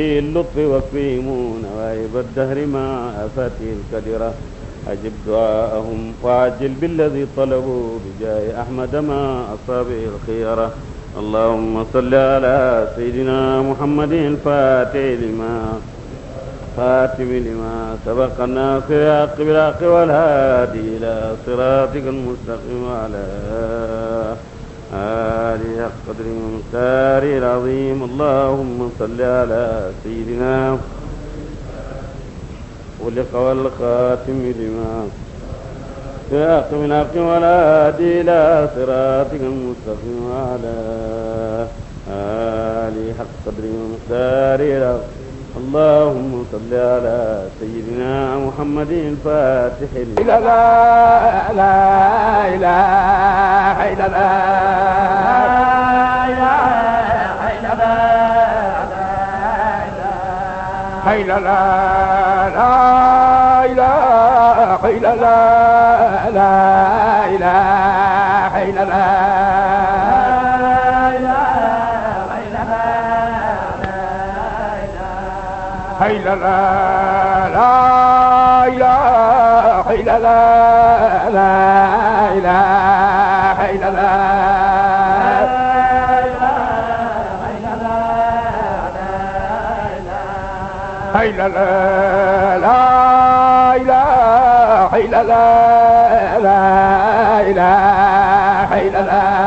اللطف واكفه نوائب الدهر مع آفاته الكدرة أجب دعاءهم وعجل بالذي طلبوا بجاه أحمد ما أصابه الخيرة اللهم صل على سيدنا محمد الفاتح لما خاتم لما سبق الناصر الحق بالحق والهادي إلى صراطك المستقيم وعلى عالي قدر مقدار العظيم اللهم صل على سيدنا ولق والخاتم لما سياق من حق ولا هادي إلى صراطك المستقيم وعلى آله حق قدر مقدار العظيم اللهم صل على سيدنا محمد الفاتح لا لا إله إلا الله لا إله إلا الله لا إله إلا الله إلا الله لا إله إلا الله لا إله إلا الله إلا لا لا إله إلا لا لا إله إلا لا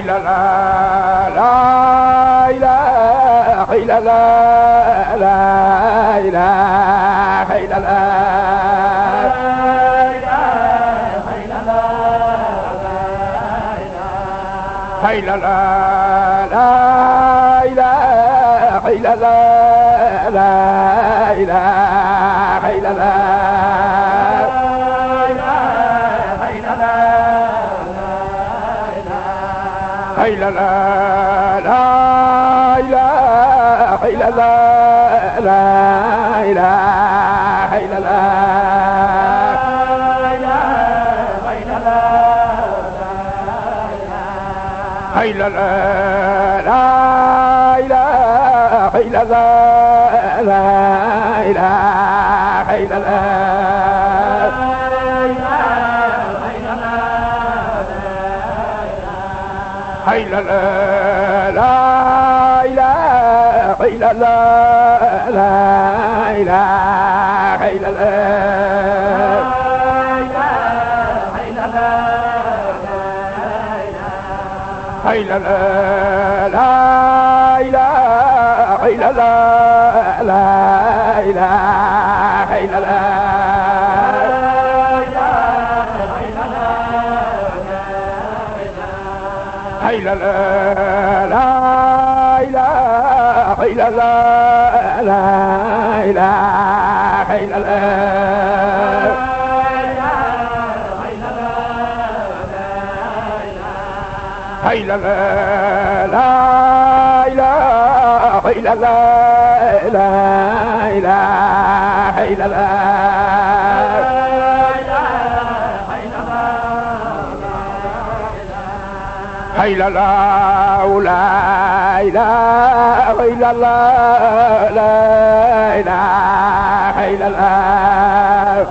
إلا الله لا إله إلا الله لا إله إلا الله إلا لا لا إله إلا لا لا إله إلا لا إلا الله لا إله إلا الله لا إله إلا الله إلا الله لا إله إلا الله لا إله إلا الله إلا الله لا إله إلا الله لا إله إلا الله إلا الله لا إله إلا الله لا إله إلا الله إلا الله لا إله إلا الله لا إله إلا الله إلا الله لا إله إلا الله لا إله إلا الله إلا الله لا إله إلا الله لا إله إلا الله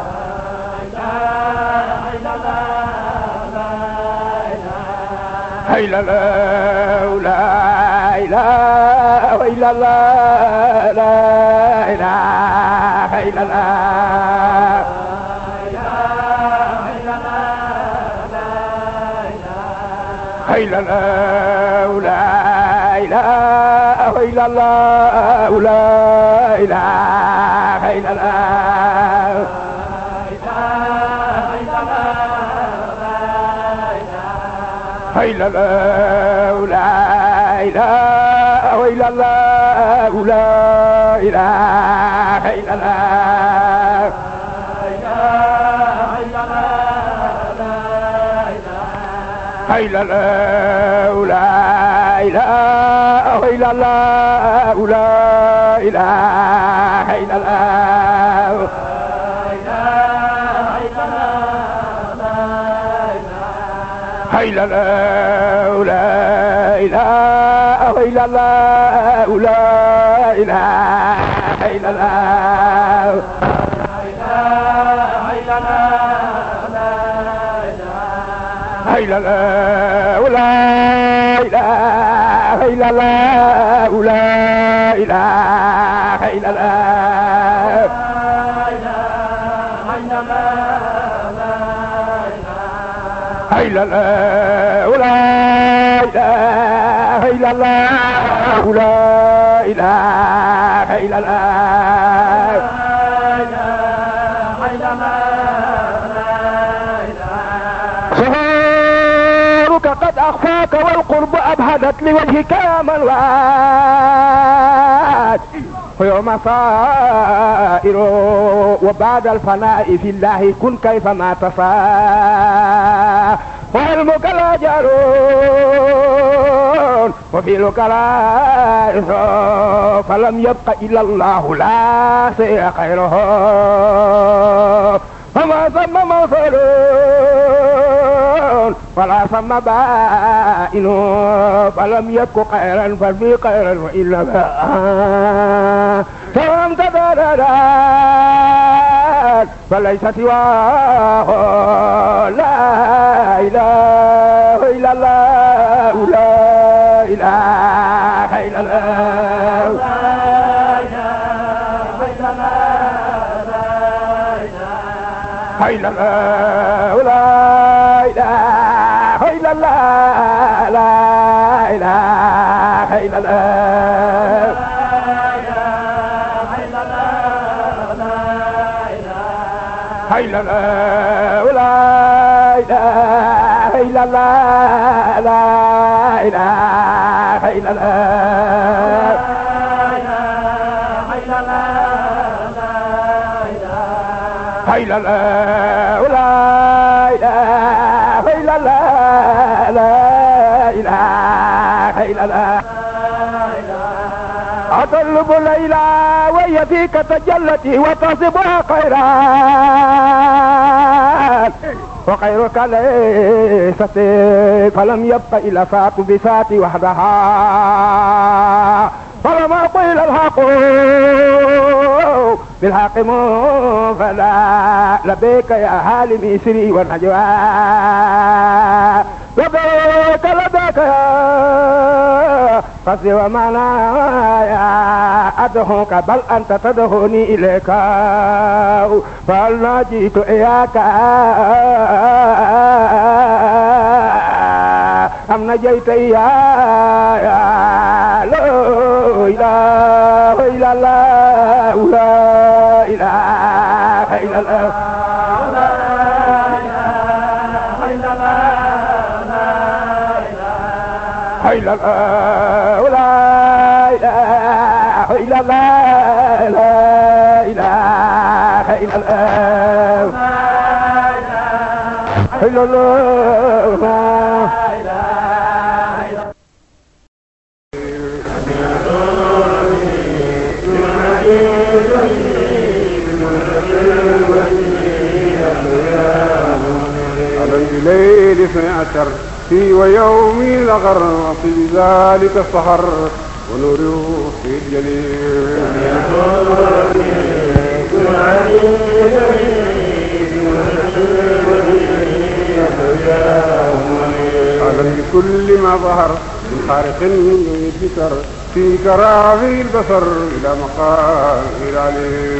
إلا الله لا إله إلا الله لا إله إلا الله إلا الله لا إله إلا الله لا إله إلا الله إلا الله لا إله إلا الله لا إله إلا الله إله إلا الله لا إله إلا الله لا إله إلا الله إلا الله لا إله إلا الله لا إله إلا الله لا إله إلا الله إلا الله لا إله إلا الله لا إله إلا الله إلا الله لا إله إلا الله لا إله إلا الله هداك والقرب أبهدت لوجهك من وات ويوم صائر وبعد الفناء في الله كن كيف ما تشاء وعلمك لا جرون وفيلك لا فلم يبق إلا الله لا شيء خيره فما ثم مصيره فلا ثم بائن فلم يك خيرا ففي خيرا وإلا باء فهم تبررت فليس سواه لا إله إلا الله لا إله إلا الله لا إله إلا الله إلا الله لا إله إلا الله إلا الله لا إله إلا الله لا إله إلا الله لا إله إلا الله لا إله إلا الله أطلب ليلى وهي فيك تجلتي وتصبها خيرا وخيرك ليست فلم يبق إلا فات بفات وحدها فلما قيل الحق بالحق منفدا لبيك يا حالم إسري والنجوى لبيك لبيك يا قصدي ومعنايا أدهوك بل أنت تدهوني إليك فأنا جئت إياك am na jey tey yaa loo ilaaha illallah laa ilaaha illallah لا إله إلا الله لا إله إلا الله لا إله إلا الله في ليل اثني عشر في ويوم لغر وفي ذلك السهر ونور في الجليل على كل ما ظهر من خارق من دون الذكر في كرافي البصر إلى مقام العلي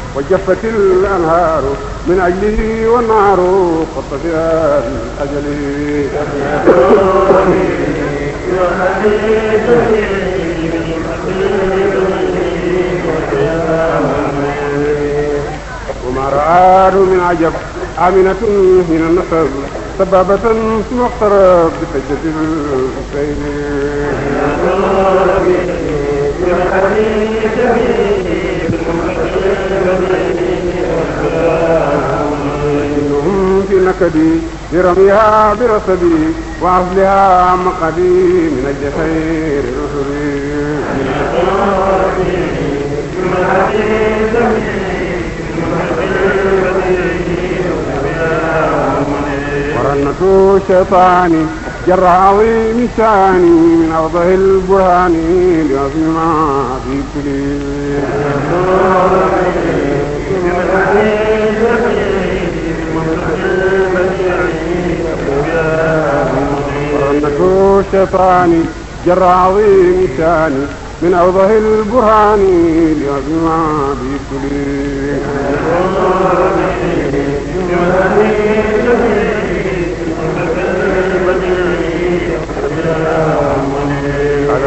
وجفت الأنهار من أجله والنار قط فيها من أجله وما رآه من عجب عامنة من النسب سبابة ثم اقترب بسجة الحسين في نكدي برميها برصدي وأصلها مقدي من الجحير رسلي ورنة شيطاني جر عظيم الثاني من أوضح البرهان لعظم ما في كل الشيطان جر عظيم الثاني من أوضح البرهان لعظم ما في كل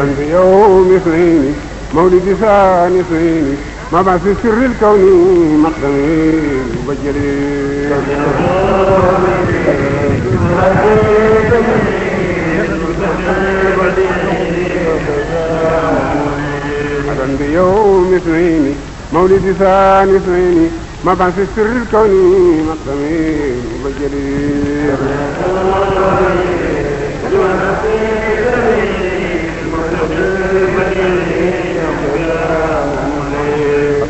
الكون يوم اثنين مولد ثاني اثنين ما بعد في سر الكون مقدمي وبجلي حدا بيوم اثنين مولد ثاني اثنين ما بعد في سر الكون مقدمي وبجلي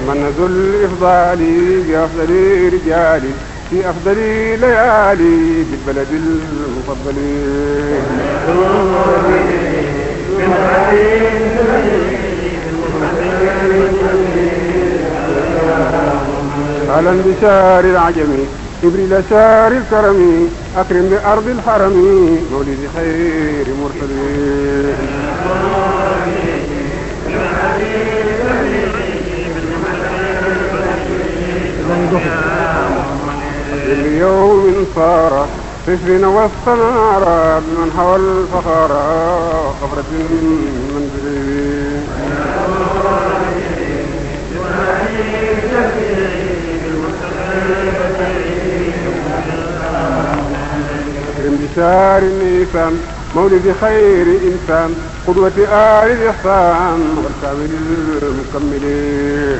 منذ الإفضال بأفضل رجال في أفضل ليالي بالبلد المفضل أهلا بشار العجم إبريل شار الكرم أكرم بأرض الحرم مولد خير مرسلين باليوم صار حسبنا واستنار من حول الفخار خبرة من جريبي كرم بشار النيسان مولد خير إنسان قدوة آل الإحسان والكامل المكملين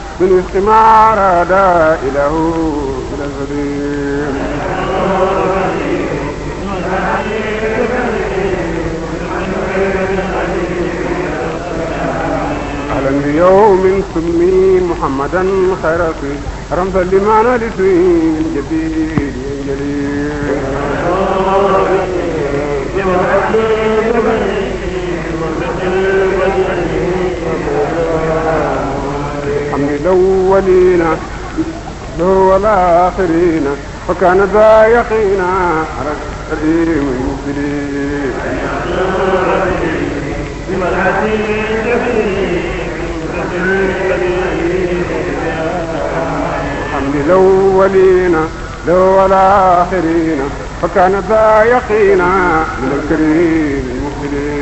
من وفق ما أراد إله إلى السبيل أهلا بيوم سمي محمدا خير رمزا لمعنى لسوي الجديد الجليل الأولين هو الآخرين وكان ذا يقينا على الكريم المبين وحمد الأولين لو الآخرين وكان ذا يقينا من الكريم المبين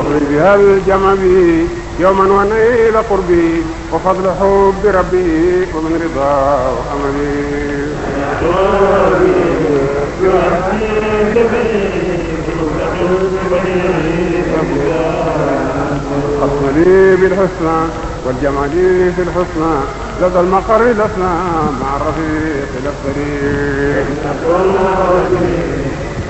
أمري بهذا الجمع يوما ونيل قربي وفضل حب ربي ومن رضاه أمري أصلي بالحسنى والجمال في الحسنى لدى المقر لسنا مع الرفيق للطريق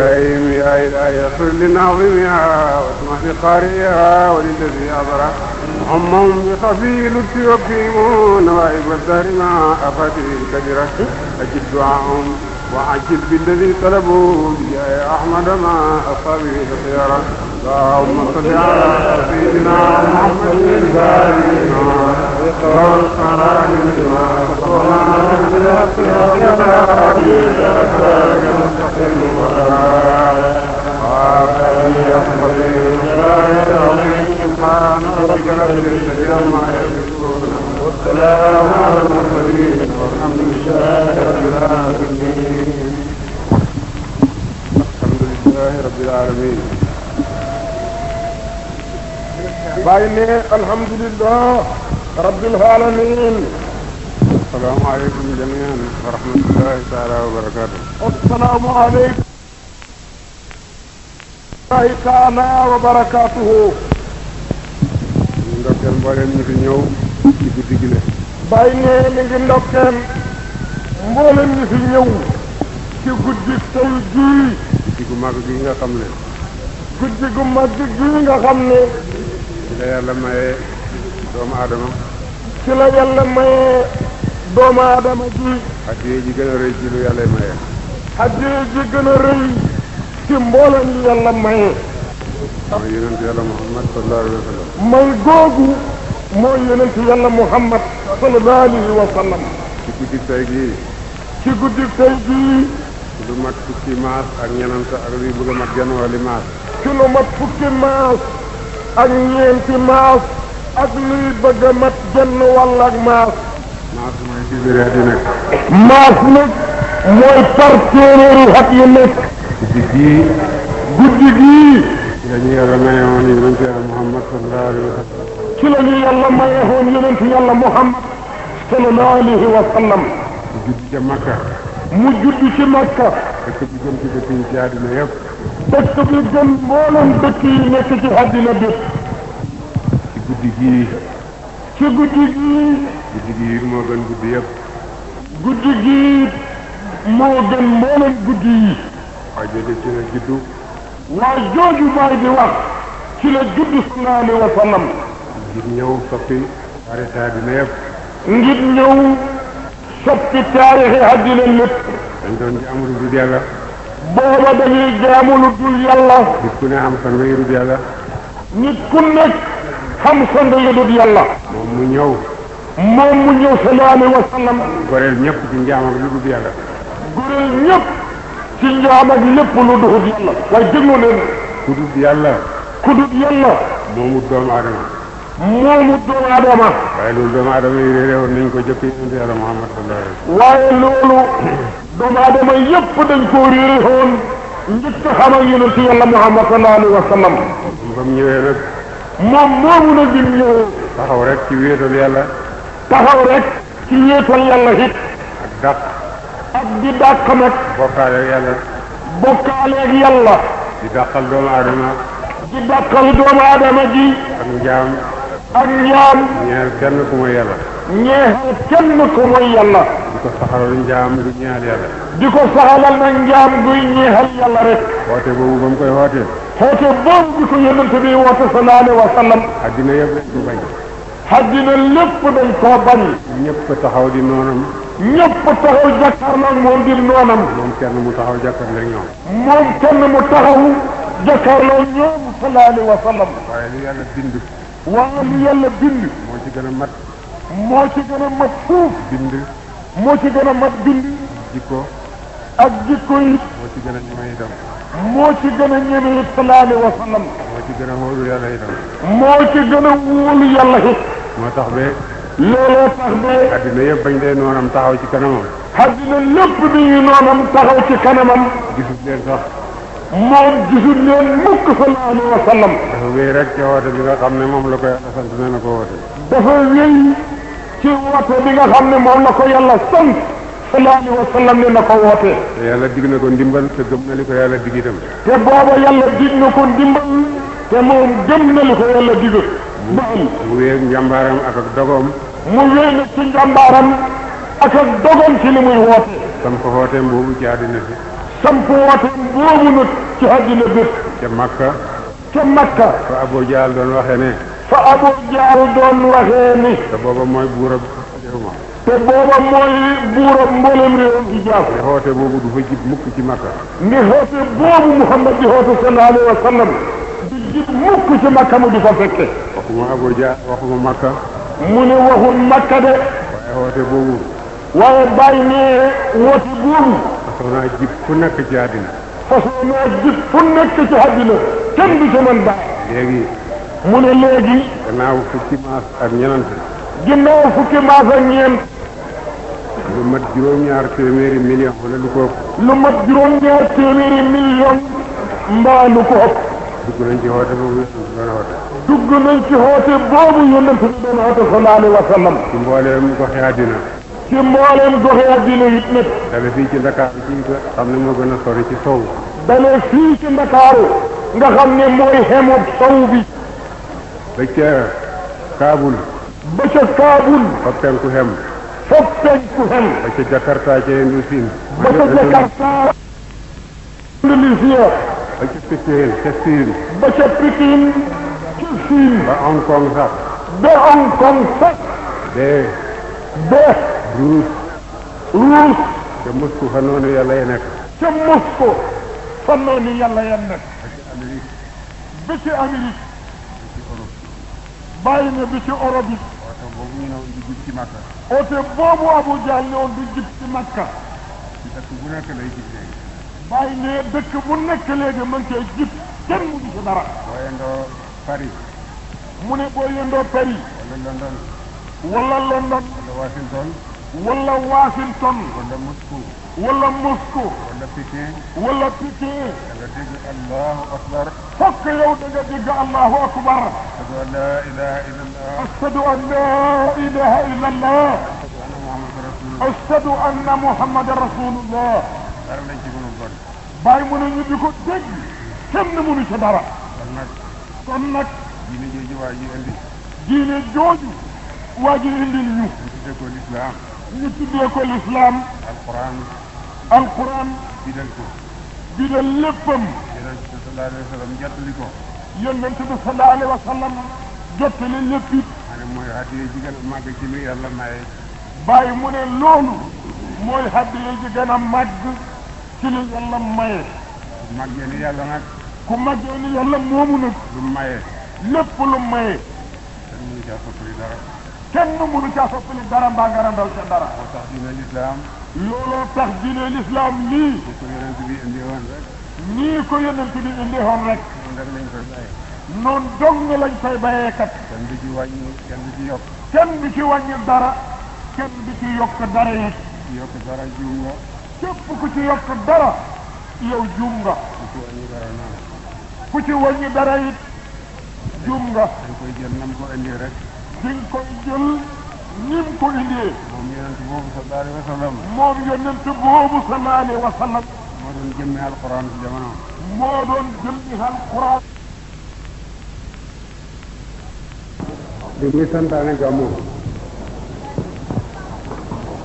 يا إيم يا إلهي اغفر لناظمها واسمح لقارئها وللذي أبرى همهم بخفي لطفي وكريمون نوائب الدهر مع آفاته الكبيرة أجب دعاهم وعجب بالذي طلبوا يا أحمد ما أصابه الخيار اللهم صل على سيدنا محمد الفاتح لما سبق والقرآن لما سبق وما نزل في baay ne alhamdulillah rabbil alamin asalaamaaleykum jamian wa rahmatullahi taala wa barakaatu asalaamaaleykum lahi taala wa barakatuhu ñu ndokkeel mbooleem fi ñëw ci guddi gi le mi ngi ndokkeel mbooleem fi ñëw ci guddi tey guddi gu mag gi guddi gu mag gi la yàlla mayee doomu aadama ci la yàlla mayee doomu aadama ji hadiye ji gën a rëy ci lu yàlla mayee hadiye ci mboolam yi mooy yonent yàlla muhammad sallallahu alayhi wa may googu mooy yonent yàlla muhammad sallallahu alayhi wa ci guddi tey gii ci lu mat fukki maas ak ñenanta ak luy bëgg a mat genn maas ci lu mat fukki maas ak ñeenti maas ak luy bëgg a mat genn wàll ak maas. maas mooy dibéeraat yi nekk. maas nag mooy par téeméeri at yi nekk. guddi gii. guddi gii. la ñu yàlla Muhammad sallallahu alayhi wa ci la mu judd ca Makka. mu judd ci Makka. dëkk bi gën ci dëkk yi ci àddina yëpp. dëkk bi gën àddina bi. ci guddi gii. ci guddi gii. guddi gii moo gën guddi yëpp. guddi gii moo gën guddi yi. waa jooju ci la juddu. waa jooju baay di wa sallam. ngir ñëw soppi. taarixi àddina yëpp. ngir ñëw soppi taarixi àddina lépp. dañ doon booba dañuy jaamu lu dul yàlla. nit ku ne am fan la yëdut yàlla. nit nekk xam fan la yëdut moom mu ñëw. moom mu goreel ñëpp ci njaam ak lu dul goreel ñëpp ci njaam ak lépp lu dul yàlla. waaye déglu leen. ku dul yàlla. ku dul yàlla. moomu doomu aadama. moomu doomu aadama. waaye loolu doomu aadama yi réeré loolu. doomu aadama yépp dañ koo réere woon njëkk xam ak yonent yàlla Muhammad sallallahu alayhi wa mu ñëwee mu ñëwee taxaw rek ci wéetal yàlla taxaw a ci wéetal yàlla it ak dàq ak di dàq nag bokkaaleeg yàlla bokkaaleeg ku ma yàlla ñeexal kenn ku mooy yàlla. di ko saxalal njaam du ñeexal yàlla. di ko saxalal na njaam guy ñeexal yàlla rek. woote boobu ba mu koy wootee. xoote boobu bi ko yonent bi woote sallallahu alayhi wa sallam. addina yëpp dañ ko bañ. addina lépp dañ koo bañ. ñëpp taxaw di noonam. ñëpp taxaw jàkkaarloog moom di noonam. moom kenn mu taxaw jàkkaarloog ñoom. moom kenn mu taxaw jàkkaarloog ñoom sallallahu alayhi wa sallam. waaye li yàlla bind. waaye li yàlla bind. moo ci gën a mat. moo ci gën a mat fuuf bind moo ci gën a mat bind jikko ak jikko it moo ci gën a ñeme itam moo ci gën a ñeme it wa sallam moo ci gën a wóolu yàlla itam moo ci gën a wóolu yàlla it moo tax ba looloo tax ba addina yëpp bañ dee noonam taxaw ci kanamam addina lépp bi ñu noonam taxaw ci kanamam gisul leen sax moom gisul leen mukk sallallahu wa sallam dafa wéy moom la ko ci woote bi nga xam ne moom la ko yàlla sant sallallahu alayhi ne na ko woote te yàlla dig na ko ndimbal te gëm na li ko yàlla dig itam te booba yàlla dig na ko ndimbal te moom gëm na ko yàlla dig baal mu wéeg njàmbaaram ak ak dogoom mu wéeg na ci njàmbaaram ak ak dogoom ci li muy woote samp wooteem boobu ci bi samp ci àddina bi ca Makka ca Makka fa Abu doon waxee ne fa abu jaaru doon waxee ni. te booba mooy buurab réew ma. te booba mooy buurab mboolem boobu du fa jib mukk makka. ni xoote boobu Muhammad di xoote sallallahu alayhi wa sallam. di jib mukk makka mu di fa fekke. waxuma abu jaar waxuma makka. mu ne waxul makka de. waaye xoote boobu. waaye bàyyi ne woote boobu. façon jib fu nekk ci àddina. façon jib fu nekk ci àddina ci mën baax. mu ne léegi. gannaaw fukki maas ak ñeent. ginnaaw fukki maas ak ñeent. lu mat juróom-ñaar téeméeri million wala lu ko ëpp. lu mat juróom-ñaar téeméeri million mbaa lu ko ëpp. dugg nañ ci xoote boobu yonent bi doon xoote. dugg nañ ci xoote boobu yonent bi doon xoote sallallahu alayhi wa sallam. ci mbooleem goxe àddina. ci mbooleem goxe àddina it nag. dale fii ci Ndakaaru ci nga xam ne moo gën a sori ci sow. dale fii ci Ndakaaru nga xam ne mooy xemob sow bi. ba ca kaabul ba ca kaabul fa penku xem fa penku xem ba ca jakarta ca indosin ba ca jakarta indonesia ba ba hong kong sax ba hong kong sax de de ruus ca mosku fa noonu yàlla ya nekk ca mosku fa noonu yàlla ya bàyyi ne ci oro bi. oto boobu ñu ñëw du jub ci Makka. oto boobu Abu Jahl du jub ci Makka. dëkk bu nekk lay jub léegi. bàyyi ne dëkk bu nekk léegi mën cee jub kenn mu ci dara. boo yendoo Paris. mu ne boo yendoo Paris. wala London. wala London. wala Washington. wala Washington. wala Moscou. wala Moscou. wala Pékin. wala Pékin. da nga dégg Allahu akbar. fokk yow da nga dégg Allahu akbar. ashadu an la ilaha illallah. ashadu an la ilaha illallah. ashadu anna Muhammadan rasulullah. dara lañ ci mënul bari. bàyyi mu ne ñu di ko dégg. kenn mënu ci dara. kon nag. kon nag. diine jooju waa ji indi. diine jooju. waa ji indi ñu. ñu tuddee ko lislaam. ñu tuddee ko lislaam alquran alquran bidal ko bidal léppam yonente bi sallallahu alayhi wa sallam jottali ko yonente bi sallallahu alayhi wa sallam jottali lépp it ma ne mooy hadiya ji gën a màgg ci lu yàlla mu ne loolu mooy hadiya ji gën a màgg ci lu maye ku màggee ni yàlla nag ku màggee ni yàlla moomu nag lu maye lépp lu maye dañuy jàpp dara kenn mënu caa soppali dara mbaa nga randal ca dara. moo tax diine lislaam. looloo tax diine lislaam nii. nii ko yonent bi indi woon rek. nii ko yonent bi indi woon rek. noonu rek lañ koy bàyyee. noonu dong lañ koy bàyyee kat. kenn du ci wàññi kenn du ci yokk. kenn du ci wàññi dara. kenn du ci yokk dara it. yokk dara juum nga. képp ku ci yokk dara. yow juum nga. ku ci wàññi dara naan. ku ci wàññi dara it. juum nga. dañ koy jël nam ko indi rek. biñ koy jël ni mu ko indee. moom yonent boobu sallallahu alayhi wa sallam. moom yonent boobu sallallahu alayhi wa sallam. moo doon jëmmi alquran ci jamono. moo doon jëmmi alquran. li muy santaane gàmmu.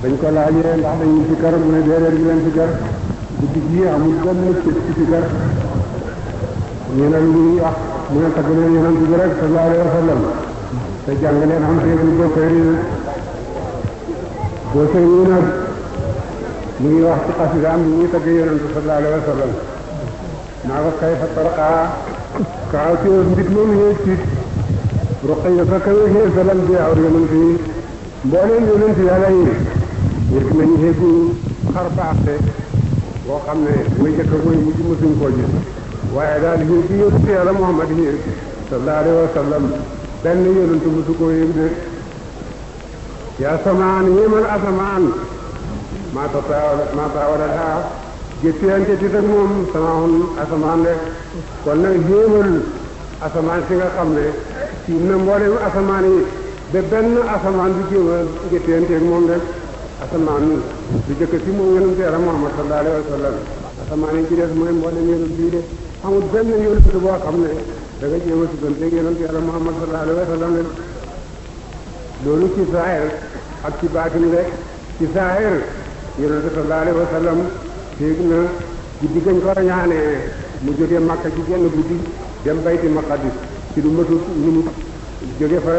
dañ ko laajee ndax dañuy si kër mu ne déedéet gi leen si kër. guddi gi amul benn ci si kër. ñu ne lu ñuy wax mu ne tagg leen yonent bi rek sallallahu alayhi wa sallam. te jàng leen xam te bu boo koy riir boo koy riir nag mu ngi wax ci xasidaam bi muy tagg yonent sallallahu alayhi wa sallam naa ko fa tarqaa kaaw ci mbit moom yee ci ruqay fa kawe xee salam bi aw yonent yi mbooleem yonent yàlla yi yëg nañu xeegu xar baaxte boo xam ne muy jëkk muy mujj mësuñ koo gis waaye daal yëg yëg yàlla Muhammad yi sallallahu wa sallam benn yonent bu su ko yëg de ci asamaan yéemal asamaan maa tataawala maa taawalalaha jëppiyante ci rek moom samaahun asamaan de kon nag yéemal asamaan si nga xam ne tiim na mboolem asamaan yi ba benn asamaan bi jéem a moom rek asamaan bi jëkk si moom yonent yàlla Muhammad sallallahu alayhi wa sallam asamaan yi ci des mooy mboolem yonent bii de amul benn yonent boo xam ne da nga jéem a sukkanteeg yonent yàlla Muhammad sallallahu alayhi wa sallam rek loolu ci saahir ak ci baatin rek ci saahir yonent sallallahu alayhi wa sallam féeg na guddi gañ ko rañaanee mu jógee Makka ci genn guddi dem bayti maqadis ci lu matut minute jóge fa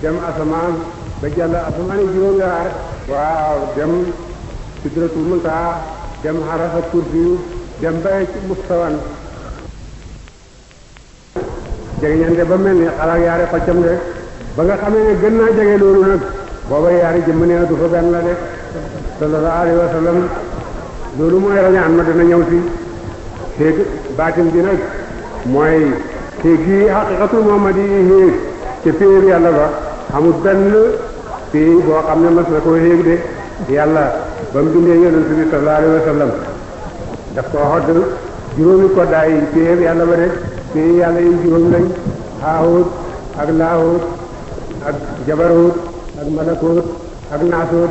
dem asamaan ba jàll asamaan juróom-ñaar waaw dem sidratul muntaha dem xarasa kursi dem ba mustawan jegeñante ba mel ni xalaat yaari xoccam rek ba nga xamee ne gën naa jege loolu nag booba yaari jëmm nee na du fa benn la de sallallahu alayhi wa sallam loolu mooy rañaan ma nag mooy xéeg yi xaqiqatul muhammadi yi xéeg ca péeru yàlla ba xamul benn fii boo xam ne mas na koo xéeg de yàlla ba mu bindee yonent bi sallallahu alayhi daf ko xodd juróomi koddaay péeru yàlla ba de te yàlla yi juróom lañ xaawut ak laawut ak jabarut ak malakut ak naasut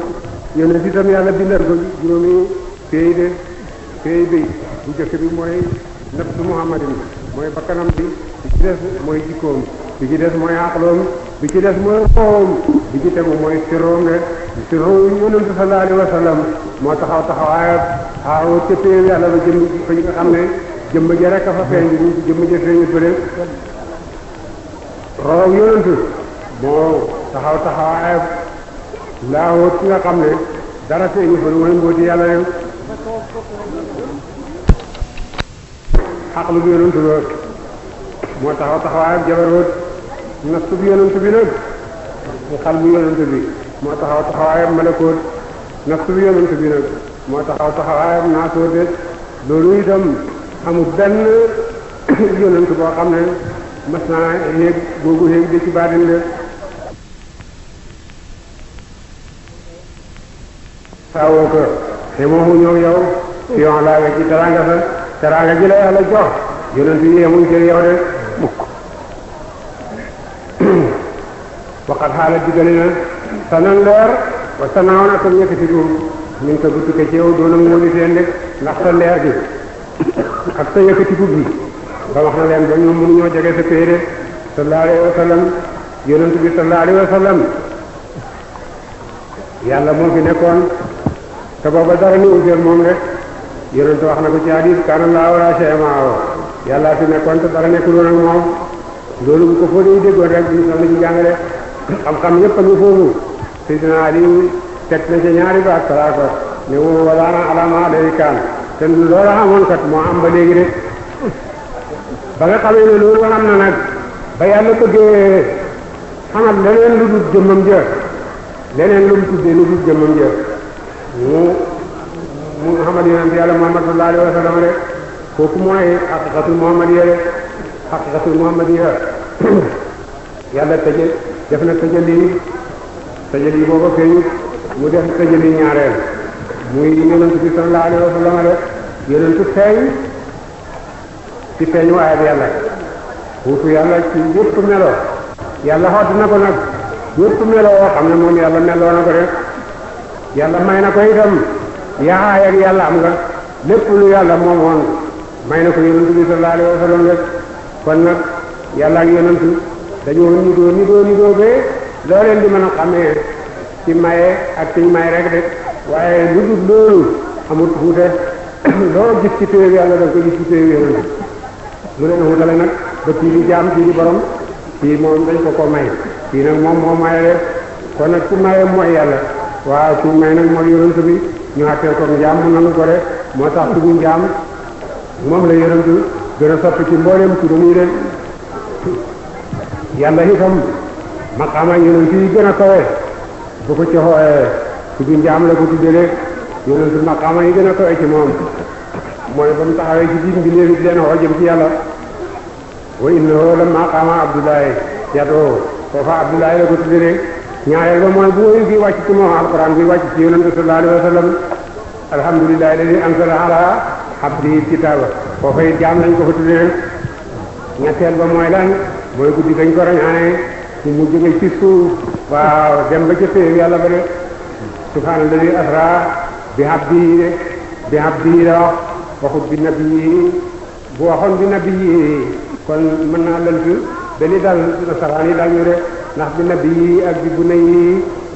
yonent itam yàlla bindal ko juróomi pey de pey bi bu jëkk bi mooy nafsu muhammadin mooy bakkanam bi bi ci des mooy jikkoom bi ci des mooy aqloom bi ci des mooy room bi ci tegu mooy siroom de siroom yonent sallallahu alayhi wa sallam moo taxaw taxawaayam xaawut ca pey yàlla ba jëm fañ nga xam ne jëmm ja rek a fa feeñ ñu jëmm ja feeñu fële roow yonentu moo taxaw taxawaay laawoo ki nga xam ne dara feeñu fa wala mbooti yàlla yow xaqlu bi yonentu lool moo taxaw taxawaayam jabaroot nastu bi yonentu bi nag xal bu yonentu bi moo taxaw taxawaayam malakoot nastu bi yonentu bi moo taxaw taxawaayam naasoo de loolu itam amul benn yonent boo xam ne mas naa yéeg googu di ci baatin de saawoo ko te moomu ñëw yow fion laa ci teraanga sa teraanga ji la jox yonent yi yemuñ ci yow de mukk waxat xaala diggale na leer wa sanaaw na ko ñetti fi duum min ko bu tukkee ci yow doona mu wóolu seen de ndax sa leer gi ak sa yëkkatiku bi ba wax na leen ba ñoom mënuñoo jege sa téere sallallahu alayhi wa sallam yonent bi sallallahu alayhi wa sallam yàlla moom fi nekkoon te booba dara ni utel moom rek yonent wax na ko ci hadis kaana laahu laa shay'a ma'ahu yàlla fi nekkoon te dara nekkul woon moom loolu bu ko foo dee déggoon rek duñu soxla ci jàngale xam-xam yëpp a ngi foofu Seydina Ali teg na ca ñaari baat salaat ko ne woo walaana alama alayhi kaan te loola amoon kat moo am ba léegi de ba nga xamee ne loolu am na nag ba yàlla bëggee xamal leneen lu dul jëmmam ja leneen lu mu tuddee ja mu mu xamal yonent yàlla Muhammad sallallahu alayhi wa sallam de kooku mooy xaqiqatul muhammadiyya de xaqiqatul muhammadiyya yàlla tëjë def na tëjëli tëjëli booba feeñu mu def tëjëli ñaareel muy yonent bi sallallahu alayhi wa sallam rek yonentu feeñ ci feeñ waaye bi yàlla wuutu yàlla ci yëpp meloo yàlla xodd na ko nag yëpp meloo xam ne moom yàlla meloo na ko rek yàlla may na ko itam yaay ak yàlla am nga lépp lu yàlla moom woon may na ko yonentu bi sallallahu wa sallam rek kon nag yàlla ak yonentu dañoo nidoo nidoo nidoo bee loo di mën a xamee ci maye ak ci may rek de waaye lu dul loolu amul wuute loo gis ci téere yàlla da nga gis ci téere yàlla mu ne wutale nag ba kii di jaam kii di borom kii ko ko may kii nag moom moo mayale kon nag waaw ku may nag mooy yonent bi ñu àttee ko de moo tax suñu njaam moom la yonent gën a sopp ci mboolem ci dañuy de yàlla itam maqaama yonent yi gën a kawe bu ko ci xoolee ci njaam la ko tuddee de yonentu maqaama yi gën a kawe ci moom mooy ba mu taxawee ci biir bi léegi di leen xoo jëm ci yàlla wa innahu lamma qaama abdoulaye yadoo foofa abdoulaye la ko tuddee ñaareel ba mooy bu wóyu gi wàcc ci moom alquran gi wàcc ci yonentu sallallahu alayhi wa sallam alhamdulillahi alladi anzala ala abdihi kitaaba foofa it jaam lañ ko fa tuddee ñetteel ba mooy lan mooy guddi dañ ko rañaane ci mu jóge ci suuf waaw dem subhaanalladi asra bi abdihi bi abdihi la wax waxut bi nabiyihi bu waxoon bi nabiyihi kon mën naa lënt bi li dal nasaraan yi dal ñu de ndax bi nabiyihi ak bi bu na yi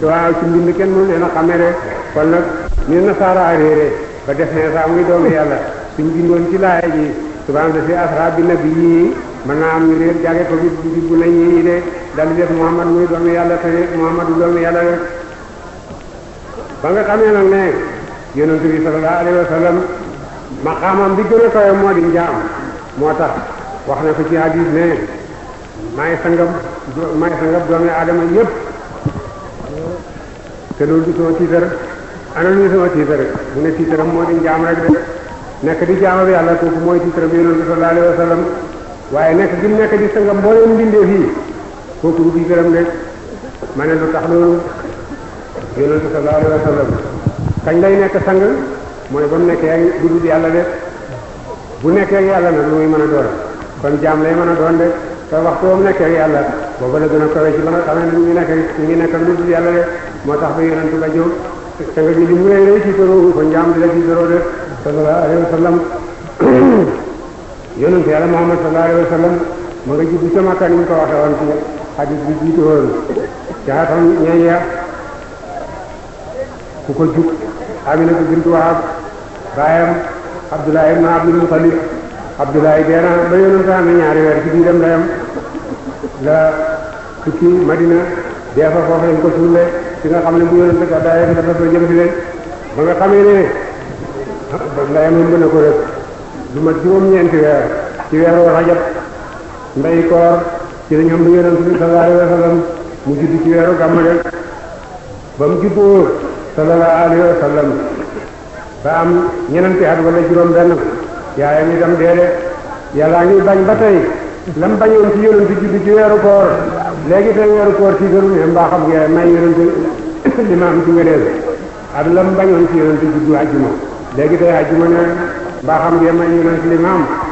waaw ci mbind kenn mënu leen a xamee de kon nag ñu nasaara réere ba def ne saa muy doomu yàlla suñ bindoon ci laaya ji subhaanalladi asra bi nabiyihi mën naa am ñu réer jàggee ko bi bi bu na yi de dal di def Muhammad muy doomu yàlla te Muhammad doomu yàlla rek ba nga xamee nag ne yonent bi sallallahu alayhi wa sallam maqaamam bi gën a kawe moo di njaam moo tax wax na ko ci hadis ne maay sangam maay sangam doomi aadama yëpp te loolu du sama tiitar ana lu sama tiitar mu ne tiitaram moo di njaam rek de nekk di jaamam yàlla kooku mooy tiitaram yonent bi sallallahu alayhi wa sallam waaye nekk gi nekk di sangam mbooleem mbindeef yi kooku du tiitaram de ma lu tax loolu yonent bi sallallahu alayhi kañ lay nekk sang mooy ba mu nekkee ak guddi yàlla de bu nekkee ak yàlla nag lu muy mën a doon kon jaam lay mën a doon de te waxtu ba mu nekkee ak yàlla booba la gën a kawe ci ba nga xamee ne ñu ngi nekk ñu lu dul yàlla de moo tax ba yonent ba jóg te nga ji li mu lay lay ci toroo kon jaam di la ci toroo de sallallahu alayhi wa sallam yonent yàlla Muhammad sallallahu alayhi wa sallam nga juddu ca Makka ni ñu ko waxee woon ci hadith bi jiitu woon ca atam ñeent ya ku ko jug Aminata bintu Wahab baayam Abdoulaye ibn Abdul Muttalib Abdoulaye dee na ba yonent ñaari weer ci biiram ndeyam la tukki Madina dee fa foofu lañ nga xam ne bu yonent ko daayam dafa fa jëm si leen ba nga xamee ne ah, ndeyam ëmb na ko rek lu mat juróom-ñeenti weer ci weeru Rajab ndey koor ci lañ xam ne yonent bi sallallahu alayhi wa sallam mu judd ci weeru gàmm rek ba mu juddoo sallallahu alayhi wa sallam ba am ñenenti at wala juróom benn yaayam itam déedéet yàllaa ngi bañ ba tey lam bañoon ci yonent juddu ci weeru koor léegi tey weeru koor ci gëru ne mbaa xam nga may yonent li ma am ci ngëneel ak lam bañoon ci yonent juddu ajjuma léegi tey ajjuma ne mbaa xam nga may yonent li ma